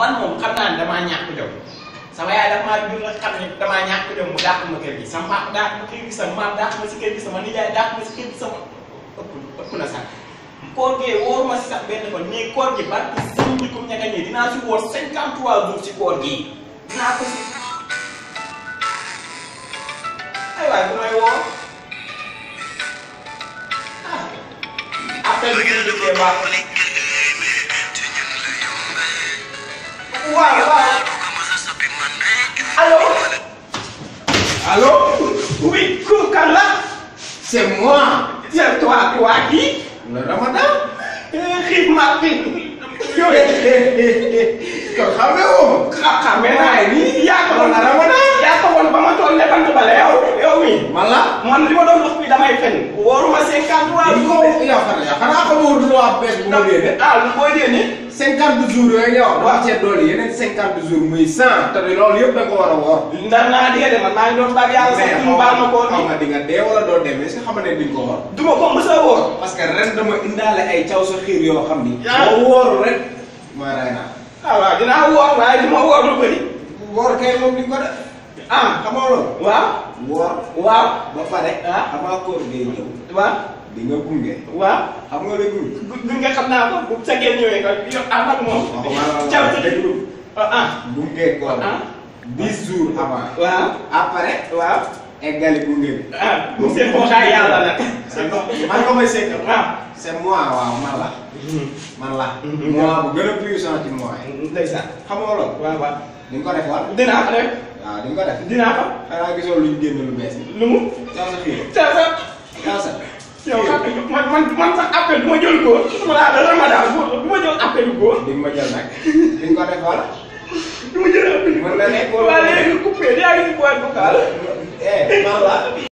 man moom xam naa ne damaa ñàkk jom sama yaay dafa maa jur nag xam ne damaa ñàkk jom ma kër gi sama papa dàq ma kër gi sama maam dàq ma si kër gi sama nijaay dàq ma si kër gi sama ëpp ëpp na sax koor ma si sax benn kon mais koor gi barke sëñ bi comme ñaka ñee dinaa si wóor cinquante trois jours si koor gii dinaa ko si ay waay bu may woo ah après bi gën a dëggee Allô Allô Oui, là C'est moi C'est toi, toi qui Le ramadan Rifmatin eh, eh, eh, Kau kamera, kau kamera ya kalau nara mana? Ya mau bangun tuh lepas tuh ya umi. Malah, mana lima dong lebih damai fen. Waru masih kau dua. Kau iya kan bees bu ma déene ah lu koy déene cinquante jours yooyu nga wax wax cee doole yeneen cinquante jours muy cent ah. te loolu yëpp da nga ko war a woor ndax naa dee de man ma ko xaw ma di nga dee wala doo demee si xam ne duñ ko woor du ko mës a woor parce que ren dama indaale ay caw sa xiir yoo xam ni boo wooru rek maa ray naa ah waaw dinaa woor kay moom di ko def ah xamoo loolu waaw woor waaw ba pare ah avant koor ngay ñëw Vâng. không? được cái di ừ, vâng, vâng. nào gunge. waaw xam nga léegi. gunge xam naa ko bu fekkee ñëwee nga yow ànd ak moom. waaw ah gunge ko. ah dix jours avant. waaw après. waaw eggali gunge bi. ah bu seen mbootaay yàlla la. man ko may seet. waaw c' est moi waaw man là, mua la. moi bu gën a puissant ci moi. ndeysaan xam nga loolu. waaw waaw. ni nga ko def wala. dinaa ko def. waaw di nga ko def. dinaa ko. xanaa gisoo luñ génn lu bees. lu mu. caasa fii. caasa. caasa. yow ya, kan, man man man sax appel bu ma jël góor wala dara ma daal bu ma jël appelu góor. di nga ma jël nag di nga ko def wala. du ma jël appelu góor mën na nekk wala léegi coupé yaa eh maa la.